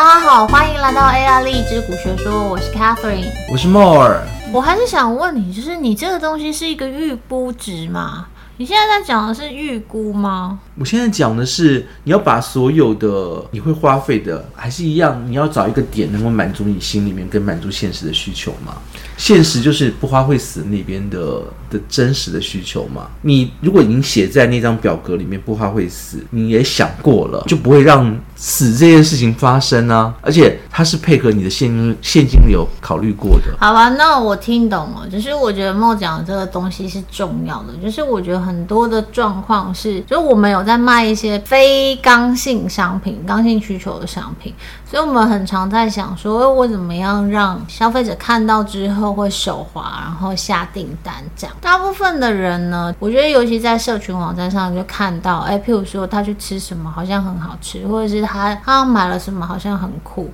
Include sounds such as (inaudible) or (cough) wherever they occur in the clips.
大家好，歡迎來到 AI 力之谷學說，我是 Catherine，我是莫爾。我還是想問你，就是你這個東西是一個預估值嗎？你現在在講的是預估嗎？我現在講的是，你要把所有的你會花費的，還是一樣，你要找一個點能夠滿足你心裡面跟滿足現實的需求嘛。現實就是不花會死那邊的的真實的需求嘛。你如果已經寫在那張表格裡面，不花會死，你也想過了，就不會讓死這件事情發生啊，而且。它是配合你的現金現金流考慮過的。好吧，那我聽懂了。只、就是我覺得莫講的這個東西是重要的。就是我覺得很多的狀況是，就是我們有在賣一些非剛性商品、剛性需求的商品，所以我們很常在想說，欸、我怎麼樣讓消費者看到之後會手滑，然後下訂單這樣。大部分的人呢，我覺得尤其在社群網站上就看到，哎、欸，譬如說他去吃什麼好像很好吃，或者是他他買了什麼好像很酷。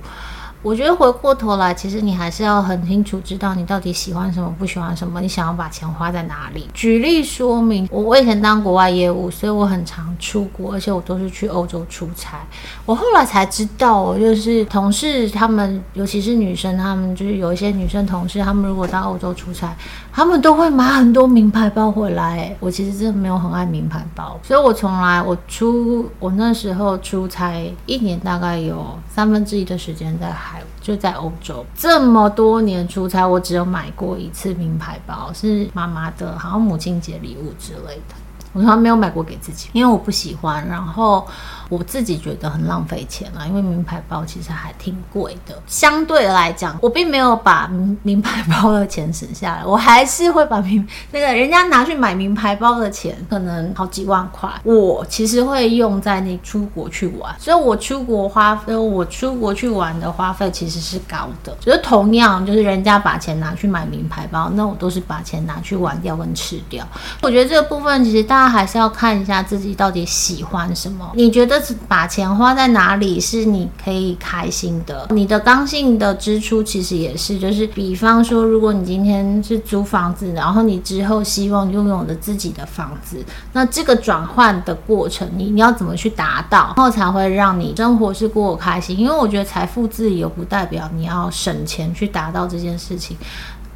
我覺得回過頭來，其實你還是要很清楚知道你到底喜歡什麼，不喜歡什麼，你想要把錢花在哪裡。舉例說明，我我以前當國外業務，所以我很常出國，而且我都是去歐洲出差。我後來才知道，就是同事他們，尤其是女生他們，就是有一些女生同事，他們如果到歐洲出差。他們都會買很多名牌包回來欸，我其實真的沒有很愛名牌包，所以我從來我出我那時候出差一年大概有三分之一的時間在海就在歐洲，這麼多年出差，我只有買過一次名牌包，是媽媽的好像母親節禮物之類的。我從來沒有買過給自己，因為我不喜歡，然後我自己覺得很浪費錢了啊。因為名牌包其實還挺貴的，相對來講，我並沒有把名牌包的錢省下來，我還是會把名，那個人家拿去買名牌包的錢，可能好幾萬塊，我其實會用在那出國去玩。所以我出國花費，我出國去玩的花費其實是高的。就是同樣，就是人家把錢拿去買名牌包，那我都是把錢拿去玩掉跟吃掉。我覺得這個部分其實大家。那還是要看一下自己到底喜歡什麼。你覺得把錢花在哪裡是你可以開心的？你的剛性的支出其實也是，就是比方說，如果你今天是租房子，然後你之後希望擁有了自己的房子，那這個轉換的過程，你你要怎麼去達到，然後才會讓你生活是過開心？因為我覺得財富自由不代表你要省錢去達到這件事情。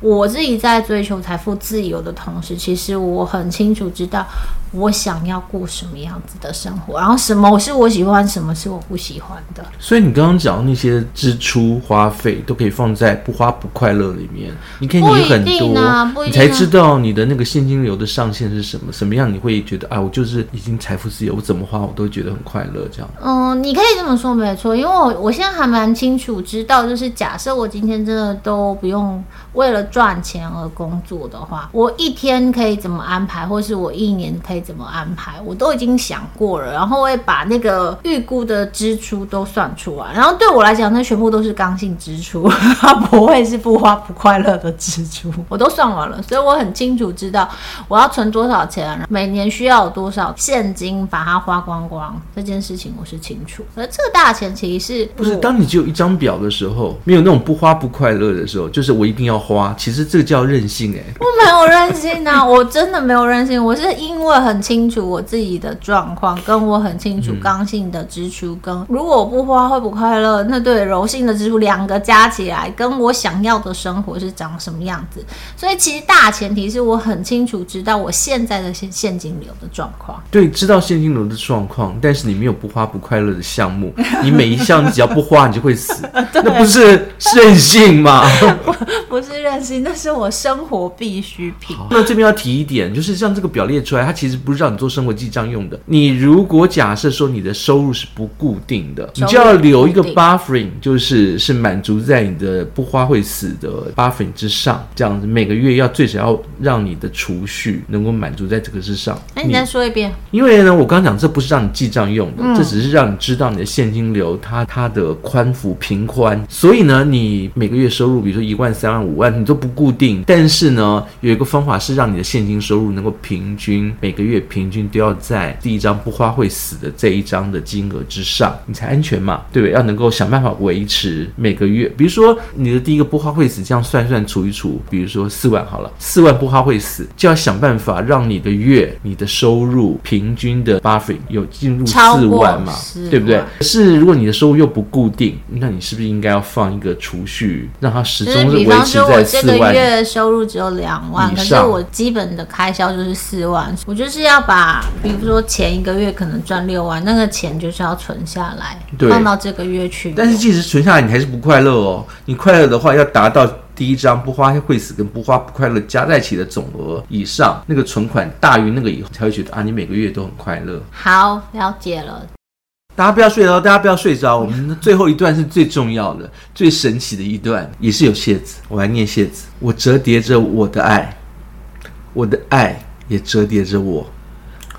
我自己在追求財富自由的同時，其實我很清楚知道我想要過什麼樣子的生活，然後什麼是我喜歡，什麼是我不喜歡的。所以你剛剛講那些支出花費都可以放在不花不快樂裡面，你可以理很多一定、啊一定啊，你才知道你的那個現金流的上限是什麼，什麼樣你會覺得啊，我就是已經財富自由，我怎麼花我都會覺得很快樂這樣。嗯，你可以這麼說沒錯，因為我我現在還蠻清楚知道，就是假設我今天真的都不用為了。賺錢而工作的話，我一天可以怎麼安排，或是我一年可以怎麼安排，我都已經想過了。然後會把那個預估的支出都算出來。然後對我來講，那全部都是剛性支出，他不會是不花不快樂的支出。我都算完了，所以我很清楚知道我要存多少錢，每年需要有多少現金把它花光光。這件事情我是清楚。而這個大前提是不是當你只有一張表的時候，沒有那種不花不快樂的時候，就是我一定要花。其實這個叫任性哎、欸！我沒有任性啊， (laughs) 我真的沒有任性。我是因為很清楚我自己的狀況，跟我很清楚剛性的支出、嗯、跟如果不花會不快樂，那對柔性的支出兩個加起來，跟我想要的生活是長什麼樣子。所以其實大前提是我很清楚知道我現在的現現金流的狀況。對，知道現金流的狀況，但是你沒有不花不快樂的項目， (laughs) 你每一項你只要不花你就會死， (laughs) 那不是任性嗎？ (laughs) 不是任性。那是我生活必需品，好。那這邊要提一點，就是像這個表列出來，它其實不是讓你做生活記賬用的。你如果假設說你的收入是不固定的，定你就要留一個 buffering，就是是滿足在你的不花會死的 buffering 之上。這樣子每個月要最少要讓你的儲蓄能夠滿足在這個之上。哎、欸，你再說一遍？因為呢，我剛剛講這不是讓你記賬用的、嗯，這只是讓你知道你的現金流它它的寬幅頻寬。所以呢，你每個月收入，比如說一萬、三萬、五萬，你都不固定，但是呢，有一個方法是讓你的現金收入能夠平均每個月平均都要在第一張不花會死的這一張的金額之上，你才安全嘛？對不對？要能夠想辦法維持每個月，比如說你的第一個不花會死，這樣算一算除一除，比如說四萬好了，四萬不花會死，就要想辦法讓你的月你的收入平均的 buffer 有進入四萬,萬嘛？對不對？可是如果你的收入又不固定，那你是不是應該要放一個儲蓄，讓它始終是維持在？這個月收入只有兩萬，可是我基本的開銷就是四萬。我就是要把，比如說前一個月可能賺六萬，那個錢就是要存下來，放到這個月去。但是即使存下來，你還是不快樂哦。你快樂的話，要達到第一張“不花會死”跟“不花不快樂”加在一起的總額以上，那個存款大於那個以後，才會覺得啊，你每個月都很快樂。好，了解了。大家不要睡着，大家不要睡着。我們最後一段是最重要的、最神奇的一段，也是有楔子。我來念楔子。我折疊着我的愛，我的愛也折疊着我。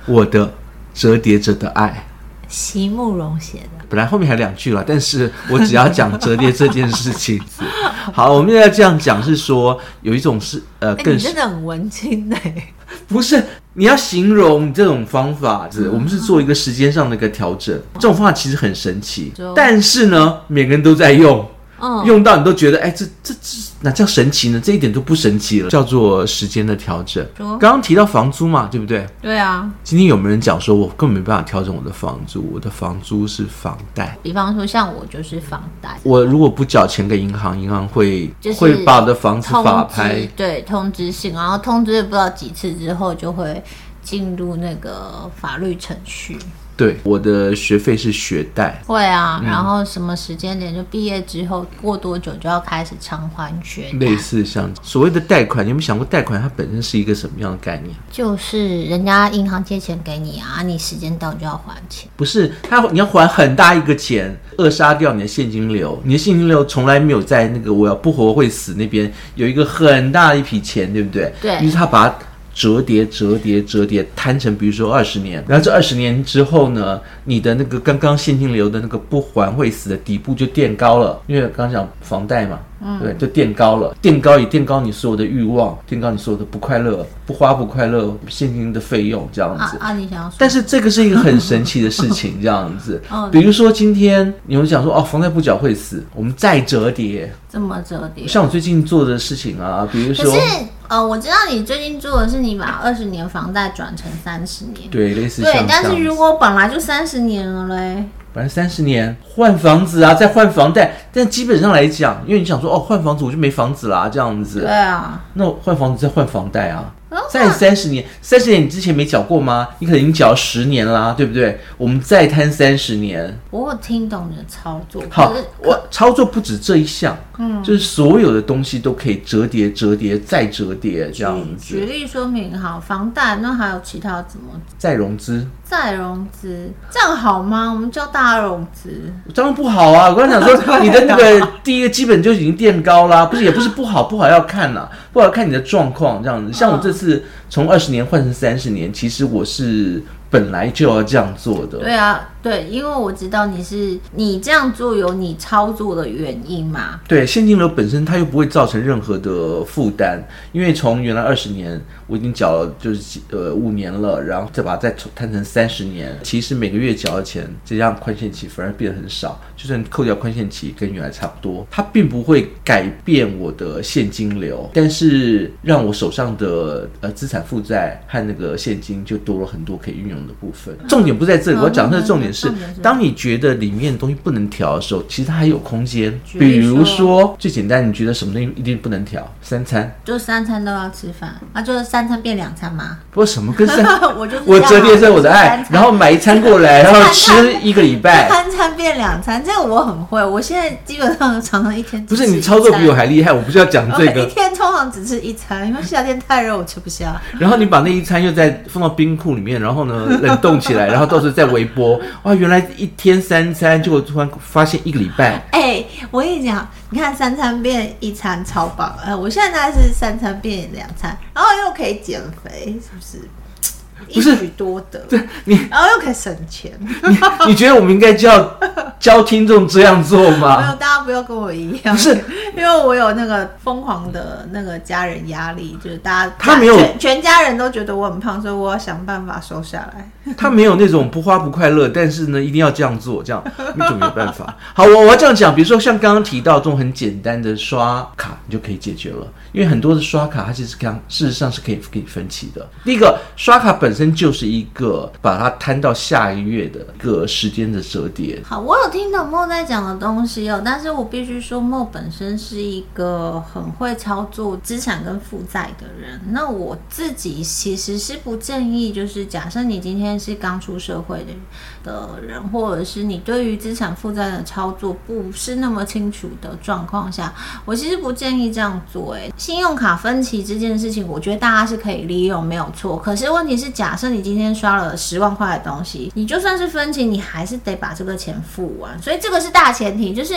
我的折疊着的愛，席慕容寫的。本來後面還有兩句了，但是我只要講折疊這件事情。 (laughs) 好，我們現在這樣講是說有一種是呃，欸、你真的很文青的、欸。不是，你要形容你這種方法是，我們是做一個時間上的一個調整。這種方法其實很神奇，但是呢，每個人都在用。嗯、用到你都覺得，哎、欸，這這這哪叫神奇呢？這一點都不神奇了，叫做時間的調整。剛剛提到房租嘛，對不對？對啊。今天有沒有人講說，我根本沒辦法調整我的房租？我的房租是房貸。比方說，像我就是房貸。我如果不繳錢給銀行，銀行會、就是、會把我的房子法拍。對，通知信，然後通知不知道幾次之後，就會進入那個法律程序。對，我的學費是學貸。會啊，嗯，然後什麼時間點就畢業之後，過多久就要開始償還學貸。類似像所謂的貸款，你有沒有想過貸款它本身是一個什麼樣的概念？就是人家銀行借錢給你啊，你時間到就要還錢。不是，他你要還很大一個錢，扼殺掉你的現金流。你的現金流從來沒有在那個我要不活會死那邊有一個很大的一筆錢，對不對？對，於是他把。折疊折疊折疊攤成，比如說二十年，然後這二十年之後呢，你的那個剛剛現金流的那個不還會死的底部就墊高了，因為剛剛講房貸嘛，嗯，對，就墊高了，墊高也墊高你所有的慾望，墊高你所有的不快樂，不花不快樂現金的費用這樣子。啊，啊你想要說？但是這個是一個很神奇的事情， (laughs) 這樣子。比如說今天你們講說哦，房貸不繳會死，我們再折疊。怎麼折疊？像我最近做的事情啊，比如說。呃、哦、我知道你最近住的是你把二十年房貸轉成三十年，對，類似這樣對。但是如果本來就三十年了嘞，本來三十年換房子啊，再換房貸，但基本上來講，因為你想說哦，換房子我就沒房子啦、啊，這樣子，對啊，那我換房子再換房貸啊。再三十年，三十年你之前沒繳過嗎？你可能已經繳了十年啦、啊，對不對？我們再攤三十年。我有聽懂你的操作。好，可是我操作不止這一項，嗯，就是所有的東西都可以折疊、折疊、再折疊這樣子。舉例說明哈，房貸那還有其他怎麼？再融資？再融資？這樣好嗎？我們叫大融資。這樣不好啊！我剛想說，你的那個 (laughs) 第一個基本就已經墊高啦、啊，不是也不是不好， (laughs) 不好要看啦、啊，不好看你的狀況這樣子。像我這次。是從二十年換成三十年，其實我是本來就要這樣做的。對啊，對，因為我知道你是你這樣做有你操作的原因嘛。對，現金流本身它又不會造成任何的負擔，因為從原來二十年我已經繳了，就是呃五年了，然後再把它再攤成三十年，其實每個月繳的錢加上寬限期反而變得很少，就算扣掉寬限期跟原來差不多，它並不會改變我的現金流，但是讓我手上的呃資產負債和那個現金就多了很多可以運用。的部分重點不在這裡，我講的重點是，當你覺得裡面的東西不能調的時候，其實它還有空間。比如說最簡單，你覺得什麼東西一定不能調？三餐？就三餐都要吃飯？啊就 (laughs) 就，就是三餐變兩餐嘛？不是什麼跟三，我就我折疊在我的愛，然後買一餐過來，然後吃一個禮拜。三餐變兩餐，這個我很會。我現在基本上常常一天一不是你操作比我還厲害，我不是要講這個。一天通常只吃一餐，因為夏天太熱，我吃不下。 (laughs) 然後你把那一餐又再放到冰庫裡面，然後呢？冷凍起來，然後到時候再微波。哇、哦，原來一天三餐，結果突然發現一個禮拜。哎、欸，我跟你講，你看三餐變一餐超棒。哎，我現在大概是三餐變兩餐，然後又可以減肥，是不是？不是一舉多得，對，你，然後又可以省錢。你， (laughs) 你覺得我們應該教教聽眾這樣做嗎？ (laughs) 沒有，大家不要跟我一樣。不是，因為我有那個瘋狂的那個家人壓力，就是大家，他沒有全，全家人都覺得我很胖，所以我要想辦法瘦下來。他沒有那種不花不快樂，但是呢，一定要這樣做，這樣你就沒辦法。 (laughs) 好，我我要這樣講，比如說像剛剛提到這種很簡單的刷卡，你就可以解決了，因為很多的刷卡它其實剛事實上是可以給你分期的。第一個，刷卡本身就是一個把它攤到下一月的一個時間的折疊。好，我有聽懂莫在講的東西哦，但是我必須說，莫本身是一個很會操作資產跟負債的人。那我自己其實是不建議，就是假設你今天，是剛出社會的的人，或者是你對於資產負債的操作不是那麼清楚的狀況下，我其實不建議這樣做，欸。誒，信用卡分期這件事情，我覺得大家是可以利用，沒有錯。可是問題是，假設你今天刷了十萬塊的東西，你就算是分期，你還是得把這個錢付完。所以這個是大前提，就是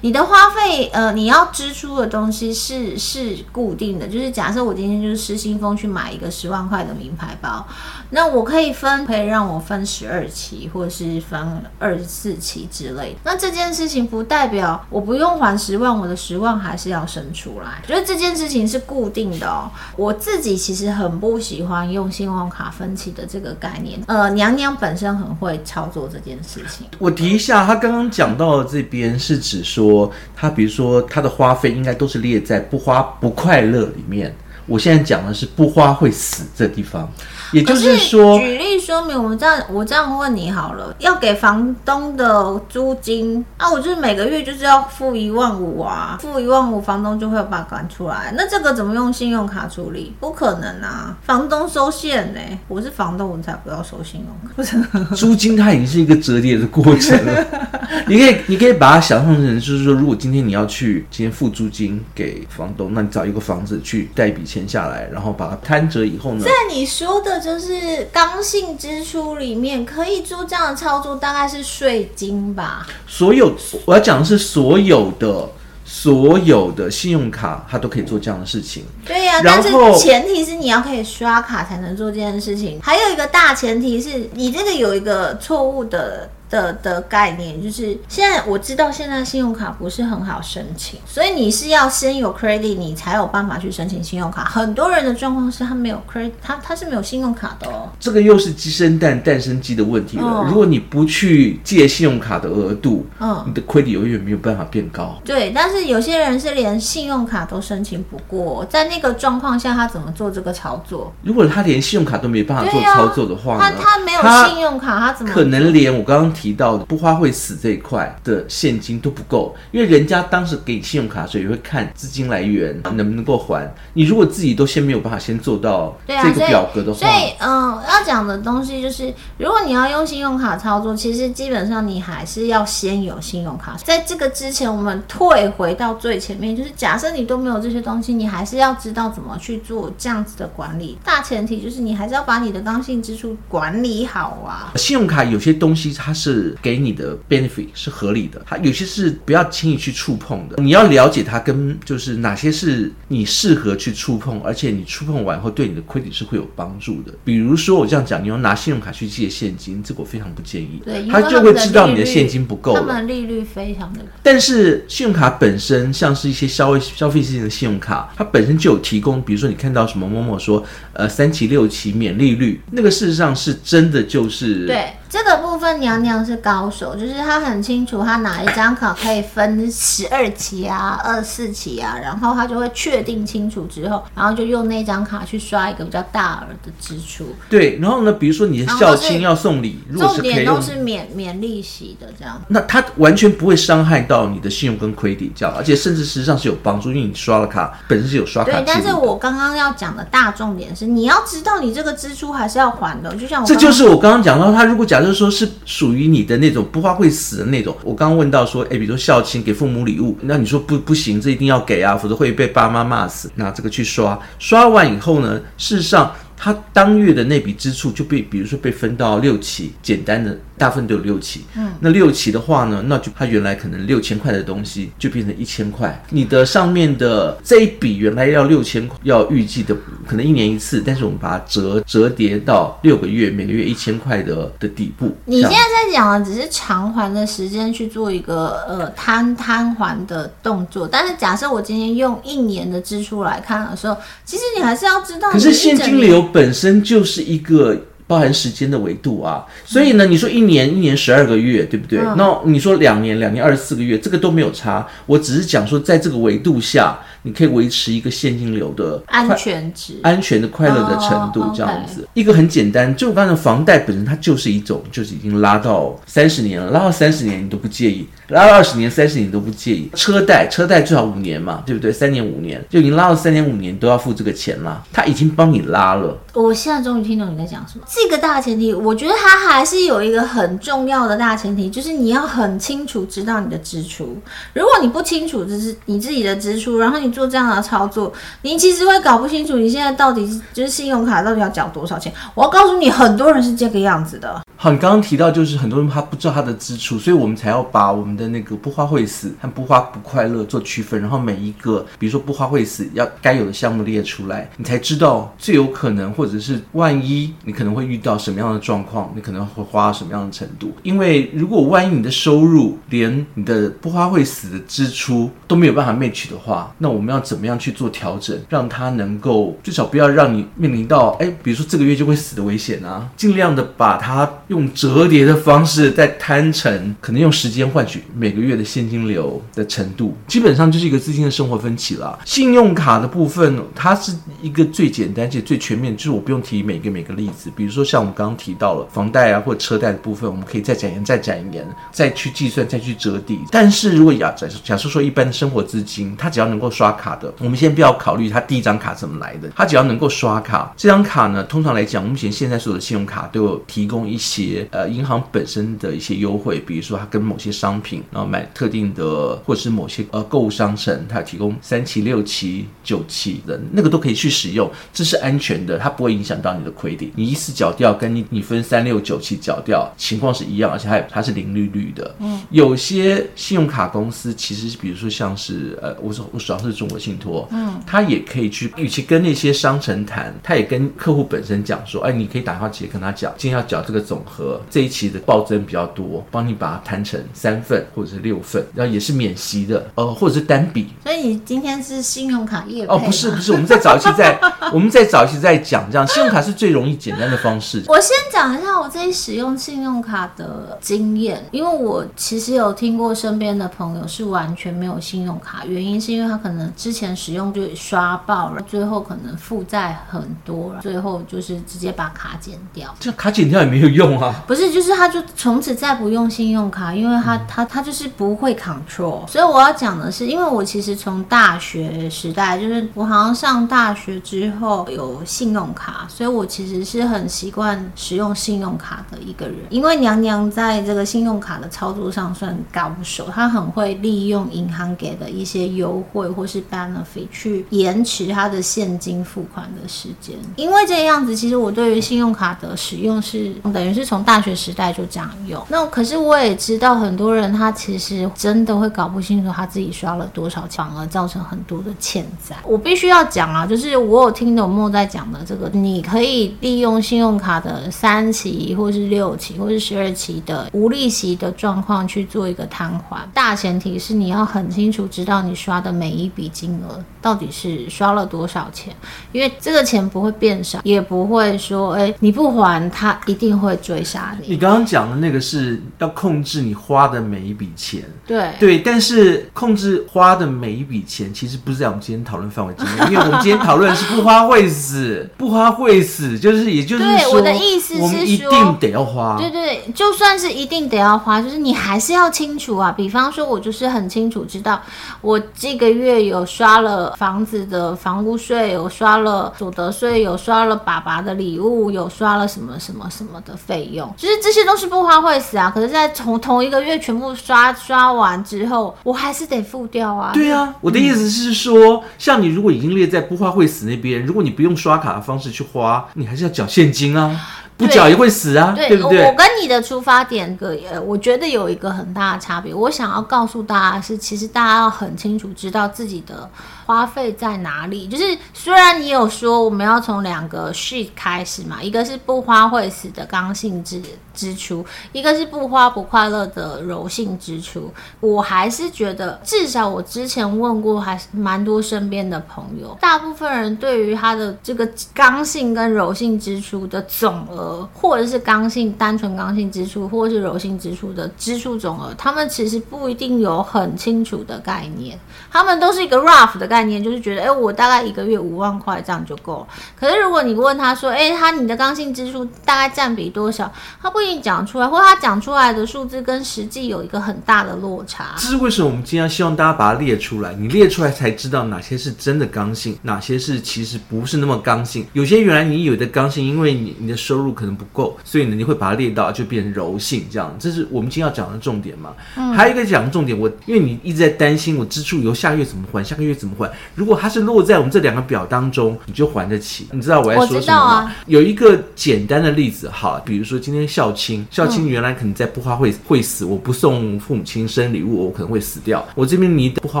你的花費，呃，你要支出的東西是是固定的。就是假設我今天就是失心瘋去買一個十萬塊的名牌包，那我可以分。可以讓我分十二期，或者是分二十四期之類的。那這件事情不代表我不用還十萬，我的十萬還是要生出來。所以這件事情是固定的哦。我自己其實很不喜歡用信用卡分期的這個概念。呃，娘娘本身很會操作這件事情。我提一下，她剛剛講到的這邊是指說，她比如說她的花費應該都是列在不花不快樂裡面。我現在講的是不花會死這地方。也就是說，是舉例說明，我們這樣我這樣問你好了，要給房東的租金啊，我就是每個月就是要付一萬五啊，付一萬五，房東就會把它趕出來。那這個怎麼用信用卡處理？不可能啊，房東收現呢、欸，我是房東，我才不要收信用卡。 (laughs) 租金它已經是一個折疊的過程了。 (laughs) 你可以你可以把它想象成，就是說，如果今天你要去今天付租金給房東，那你找一個房子去貸一筆錢下來，然後把它攤折以後呢，在你說的。就是剛性支出裡面可以做這樣的操作，大概是稅金吧。所有我要講的是所有的所有的信用卡，它都可以做這樣的事情。對呀，啊，但是前提是你要可以刷卡才能做這件事情。還有一個大前提是你這個有一個錯誤的。的的概念就是，現在我知道現在信用卡不是很好申請，所以你是要先有 credit，你才有辦法去申請信用卡。很多人的狀況是他沒有 credit，他他是沒有信用卡的哦。這個又是雞生蛋，蛋生雞的問題了、哦。如果你不去借信用卡的額度，嗯、哦，你的 credit 永遠沒有辦法變高。對，但是有些人是連信用卡都申請不過，在那個狀況下，他怎麼做這個操作？如果他連信用卡都沒辦法做操作的話呢、啊、他他沒有信用卡，他怎麼可能連我剛剛？提到的不花會死這一塊的現金都不夠，因為人家當時給信用卡，所以會看資金來源能不能夠還你。如果自己都先沒有辦法先做到這個表格的話，啊、所以，所以嗯，要講的東西就是，如果你要用信用卡操作，其實基本上你還是要先有信用卡。在這個之前，我們退回到最前面，就是假設你都沒有這些東西，你還是要知道怎麼去做這樣子的管理。大前提就是你還是要把你的剛性支出管理好啊。信用卡有些東西它是。是給你的 benefit 是合理的，它有些是不要輕易去觸碰的。你要了解它跟就是哪些是你適合去觸碰，而且你觸碰完以後對你的虧點是會有幫助的。比如說我這樣講，你要拿信用卡去借現金，這個我非常不建議。對，他就會知道你的現金不夠了，利率非常的高，但是信用卡本身像是一些消費消費性的信用卡，它本身就有提供，比如說你看到什麼某某說呃三期六期免利率，那個事實上是真的就是對。這個部分娘娘是高手，就是她很清楚她哪一張卡可以分十二期啊、二四期啊，然後她就會確定清楚之後，然後就用那張卡去刷一個比較大額的支出。對，然後呢，比如說你的孝親要送禮是如果是，重點都是免免利息的這樣。那他完全不會傷害到你的信用跟 credit，這樣，而且甚至實際上是有幫助，因為你刷了卡本身是有刷卡記錄。對，但是我剛剛要講的大重點是，你要知道你這個支出還是要還的，就像我這就是我剛剛講到，他如果講。還、就是說，是屬於你的那種不花會死的那種。我剛剛問到說，哎、欸，比如說孝親給父母禮物，那你說不不行，這一定要給啊，否則會被爸媽罵死。那這個去刷，刷完以後呢，事實上他當月的那筆支出就被，比如說被分到六期，簡單的。大部分都有六期，嗯，那六期的話呢，那就它原來可能六千塊的東西就變成一千塊。你的上面的這一筆原來要六千塊，要預計的可能一年一次，但是我們把它折折疊到六個月，每個月一千塊的的底部。你現在在講的只是償還的時間去做一個呃攤攤還的動作，但是假設我今天用一年的支出來看的時候，其實你還是要知道。可是現金流本身就是一個。包含時間的維度啊、嗯，所以呢，你說一年一年十二個月，對不對？嗯、那你說兩年兩年二十四個月，這個都沒有差。我只是講說，在這個維度下。你可以維持一個現金流的安全值，安全的快樂的程度，這樣子。Oh, okay. 一個很簡單，就我剛才的房貸本身，它就是一種，就是已經拉到三十年了，拉到三十年你都不介意，拉到二十年，三十年你都不介意。車貸，車貸最好五年嘛，對不對？三年，五年就已經拉到三年，五年都要付這個錢了，他已經幫你拉了。我現在終於聽懂你在講什麼。這個大前提，我覺得它還是有一個很重要的大前提，就是你要很清楚知道你的支出。如果你不清楚只是你自己的支出，然後你。做這樣的操作，你其實會搞不清楚你現在到底就是信用卡到底要繳多少錢。我要告訴你，很多人是這個樣子的。好，你剛剛提到就是很多人他不知道他的支出，所以我們才要把我們的那個不花會死和不花不快樂做區分。然後每一個，比如說不花會死，要該有的項目列出來，你才知道最有可能或者是萬一你可能會遇到什麼樣的狀況，你可能會花到什麼樣的程度。因為如果萬一你的收入連你的不花會死的支出都沒有辦法 match 的話，那我。我們要怎麼樣去做調整，讓它能夠最少不要讓你面臨到哎，比如說這個月就會死的危險啊！盡量的把它用折疊的方式再攤提，可能用時間換取每個月的現金流的程度，基本上就是一個資金的生活分期了。信用卡的部分，它是一個最簡單且最全面，就是我不用提每個每個例子。比如說像我們剛剛提到了房貸啊，或者車貸的部分，我們可以再展延再展延，再去計算，再去折抵。但是如果假假設說一般的生活資金，它只要能夠刷。刷卡的，我們先不要考慮他第一張卡怎麼來的，他只要能夠刷卡，這張卡呢，通常來講，目前現在所有的信用卡都有提供一些呃銀行本身的一些優惠，比如說它跟某些商品，然、呃、後買特定的或者是某些呃購物商城，它提供三七六七九七的那個都可以去使用，這是安全的，它不會影響到你的虧點，你一次繳掉跟你你分三六九七繳掉情況是一樣，而且它有它是零利率的。嗯，有些信用卡公司其實，比如說像是呃，我說我主要是。中國信託，嗯，他也可以去，與其跟那些商城談，他也跟客戶本身講說，哎，你可以打電話直接跟他講，今天要繳這個總和，這一期的暴增比較多，幫你把它攤成三份或者是六份，然後也是免息的，呃，或者是單筆。所以你今天是信用卡業務？哦，不是不是，我們再找一期再， (laughs) 我們再找一期再講，這樣，信用卡是最容易簡單的方式。 (laughs) 我先講一下我自己使用信用卡的經驗，因為我其實有聽過身邊的朋友是完全沒有信用卡，原因是因為他可能。之前使用就刷爆了，最後可能負債很多了，最後就是直接把卡剪掉。這卡剪掉也沒有用啊！不是，就是他就從此再不用信用卡，因為他、嗯、他他就是不會 control。所以我要講的是，因為我其實從大學時代，就是我好像上大學之後有信用卡，所以我其實是很習慣使用信用卡的一個人。因為娘娘在這個信用卡的操作上算高手，她很會利用銀行給的一些優惠或是。Benefit 去延遲他的現金付款的時間，因為這樣子，其實我對於信用卡的使用是等於是從大學時代就這樣用。那可是我也知道很多人他其實真的會搞不清楚他自己刷了多少，反而造成很多的欠債。我必須要講啊，就是我有聽懂莫在講的這個，你可以利用信用卡的三期或是六期或是十二期的無利息的狀況去做一個攤還，大前提是你要很清楚知道你刷的每一筆。金額到底是刷了多少錢？因為這個錢不會變少，也不會說，哎，你不還他一定會追殺你。你剛剛講的那個是要控制你花的每一筆錢，對對。但是控制花的每一筆錢，其實不是在我們今天討論範圍之內， (laughs) 因為我們今天討論是不花會死，不花會死，就是也就是對我的意思是說，我們一定得要花。對對，就算是一定得要花，就是你還是要清楚啊。比方說，我就是很清楚知道我這個月有。有刷了房子的房屋稅，有刷了所得稅，有刷了爸爸的禮物，有刷了什麼什麼什麼的費用，其實這些都是不花會死啊。可是，在從同一個月全部刷刷完之後，我還是得付掉啊。對啊，我的意思是說、嗯，像你如果已經列在不花會死那邊，如果你不用刷卡的方式去花，你還是要繳現金啊。不繳也會死啊。對，對不對？我跟你的出發點，呃，我覺得有一個很大的差別。我想要告訴大家的是，其實大家要很清楚知道自己的花費在哪裡。就是雖然你有說我們要從兩個 sheet 開始嘛，一個是不花會死的剛性支支出，一個是不花不快樂的柔性支出。我還是覺得，至少我之前問過，還是蠻多身邊的朋友，大部分人對於他的這個剛性跟柔性支出的總額。或者是剛性、單純剛性支出，或者是柔性支出的支出總額，他們其實不一定有很清楚的概念，他們都是一個 rough 的概念，就是覺得，哎、欸，我大概一個月五萬塊這樣就夠了。可是如果你問他說，哎、欸，他你的剛性支出大概佔比多少？他不一定講出來，或者他講出來的數字跟實際有一個很大的落差。這是為什麼？我們今天希望大家把它列出來，你列出來才知道哪些是真的剛性，哪些是其實不是那麼剛性。有些原來你有的剛性，因為你你的收入，可能不夠，所以呢，你會把它列到就變成柔性，這樣，這是我們今天要講的重點嘛。嗯，還有一個講的重點，我因為你一直在擔心我支出以後，下個月怎麼還，下個月怎麼還？如果它是落在我們這兩個表當中，你就還得起。你知道我在說什麼嗎、啊？有一個簡單的例子，好，比如說今天孝親，孝親原來可能在不花會會死，我不送父母親生禮物，我可能會死掉。我這邊你不花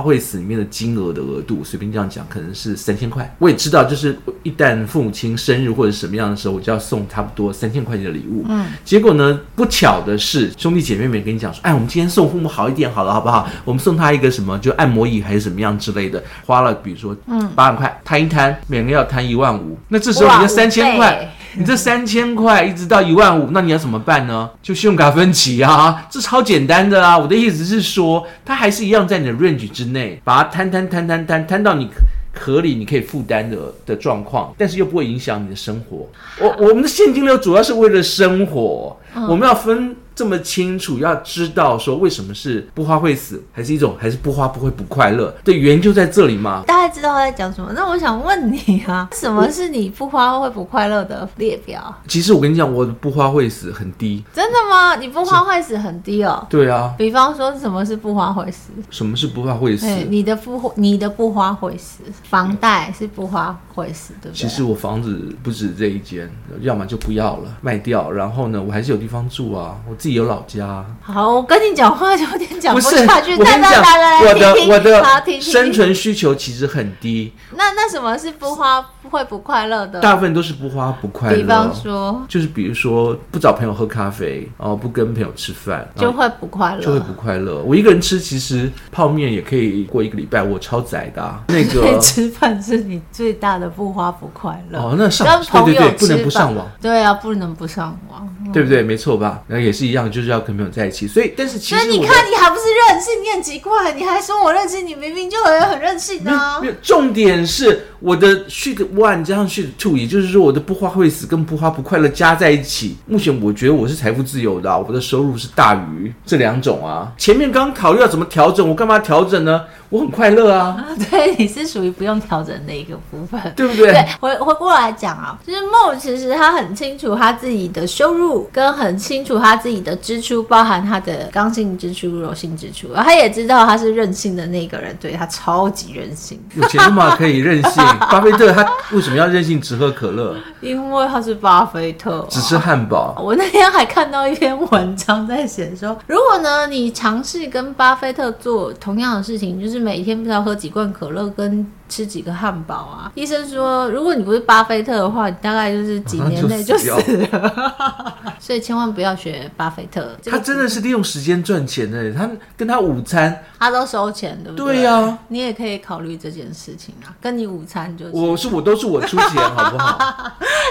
會死裡面的金額的額度，隨便這樣講，可能是三千塊。我也知道，就是一旦父母親生日或者什麼樣的時候，我就要送差不多。多三千塊錢的禮物，嗯，結果呢？不巧的是，兄弟姐妹們跟你講說，哎，我們今天送父母好一點好了，好不好？我們送他一個什麼，就按摩椅還是什麼樣之類的，花了，比如說，嗯，八萬塊，攤一攤，每個月要攤一萬五，那這時候你這三千塊，你這三千塊一直到一萬五，嗯，那你要怎麼辦呢？就信用卡分期啊，這超簡單的啦、啊。我的意思是說，他還是一樣在你的 range 之內，把它攤攤攤攤攤攤到你，合理，你可以負擔的的狀況，但是又不會影響你的生活。我我們的現金流主要是為了生活，嗯、我們要分，這麼清楚，要知道說，為什麼是不花會死，還是一種還是不花不會不快樂的原因就在這裡嗎？大家知道他在講什麼？那我想問你啊，什麼是你不花會不快樂的列表？其實我跟你講，我的不花會死很低。真的嗎？你不花會死很低哦。對啊。比方說，什麼是不花會死？什麼是不花會死？你的不，你的不花會死，房貸是不花會死的。其實我房子不止這一間，要麼就不要了，賣掉，然後呢，我還是有地方住啊，我自己。有老家。好，我跟你講話就有點講不下去。不是，我跟你講，但是來來來，我的聽聽，我的生存需求其實很低。聽聽。那那什麼是不花？不會不快樂的，大部分都是不花不快樂。比方說，就是比如說不找朋友喝咖啡，哦，不跟朋友吃飯，就會不快樂，就會不快樂。我一個人吃，其實泡麵也可以過一個禮拜，我超宅的、啊。那個可以吃飯是你最大的不花不快樂。哦，那上跟朋友對對，對不能不上網。對啊，不能不上網，嗯、對不對？沒錯吧？那也是一樣，就是要跟朋友在一起。所以，但是其實那你看，你還不是任性？你很奇怪，你還說我任性，你明明就很很任性啊，沒沒。重點是，我的 Sheet one 加上 Sheet two，也就是說我的不花會死，跟不花不快樂加在一起。目前我覺得我是財富自由的，我的收入是大於這兩種啊。前面剛考慮要怎麼調整，我幹嘛調整呢？我很快樂啊、嗯！對，你是屬於不用調整的一個部分，對不對？對，回回過來講啊，就是夢，其實他很清楚他自己的收入，跟很清楚他自己的支出，包含他的剛性支出、柔性支出，他也知道他是任性的那個人，對，他超級任性。有錢嘛，可以任性， (laughs) 巴菲特他為什麼要任性只喝可樂？因為他是巴菲特，啊，只吃漢堡。我那天還看到一篇文章在寫說，如果呢，你嘗試跟巴菲特做同樣的事情，就是。每天不知道喝幾罐可樂跟。吃幾個漢堡啊？醫生說，如果你不是巴菲特的話，大概就是幾年內就死了。啊、死了， (laughs) 所以千萬不要學巴菲特。他真的是利用時間賺錢的。他跟他午餐，他都收錢，對不對？對呀、啊，你也可以考慮這件事情啊。跟你午餐就我是我都是我出錢，好不好？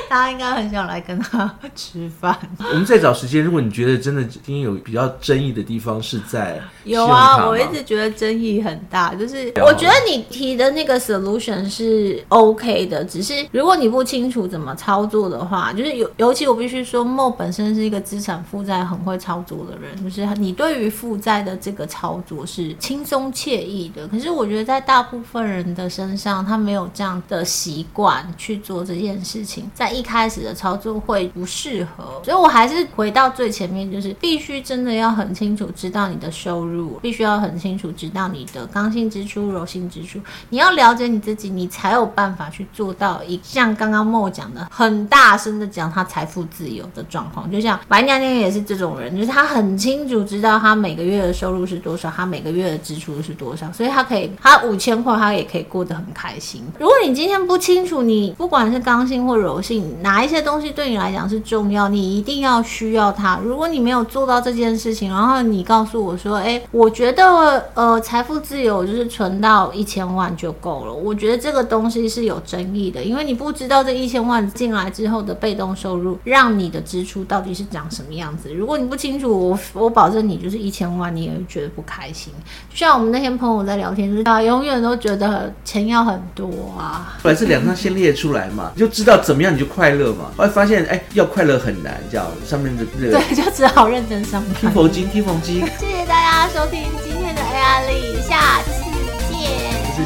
大 (laughs) 家應該很想來跟他吃飯。 (laughs) 我們再找時間。如果你覺得真的今天有比較爭議的地方是在有啊，我一直覺得爭議很大，就是我覺得你提的那個。solution 是 OK 的，只是如果你不清楚怎麼操作的話，就是尤尤其我必須說，Mo 本身是一個資產負債很會操作的人，就是你對於負債的這個操作是輕鬆愜意的。可是我覺得在大部分人的身上，他沒有這樣的習慣去做這件事情，在一開始的操作會不適合，所以我還是回到最前面，就是必須真的要很清楚知道你的收入，必須要很清楚知道你的剛性支出、柔性支出，你要了解。你自己，你才有辦法去做到。一像剛剛莫講的，很大聲的講他財富自由的狀況。就像白娘娘也是這種人，就是她很清楚知道她每個月的收入是多少，她每個月的支出是多少，所以她可以，她五千塊她也可以過得很開心。如果你今天不清楚，你不管是剛性或柔性，哪一些東西對你來講是重要，你一定要需要它。如果你沒有做到這件事情，然後你告訴我說：“哎，我覺得呃財富自由就是存到一千萬就夠了。”我覺得這個東西是有爭議的，因為你不知道這一千萬進來之後的被動收入，讓你的支出到底是長什麼樣子。如果你不清楚，我我保證你就是一千萬，你也會覺得不開心。就像我們那天朋友在聊天，就是啊，永遠都覺得錢要很多啊。本來是兩張先列出來嘛， (laughs) 你就知道怎麼樣你就快樂嘛。我發現哎，要快樂很難，這樣上面的這個、對，就只好認真上班。聽佛經，聽佛經 (laughs) 謝謝大家收聽今天的 AI 里，下期。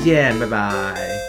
見，拜拜。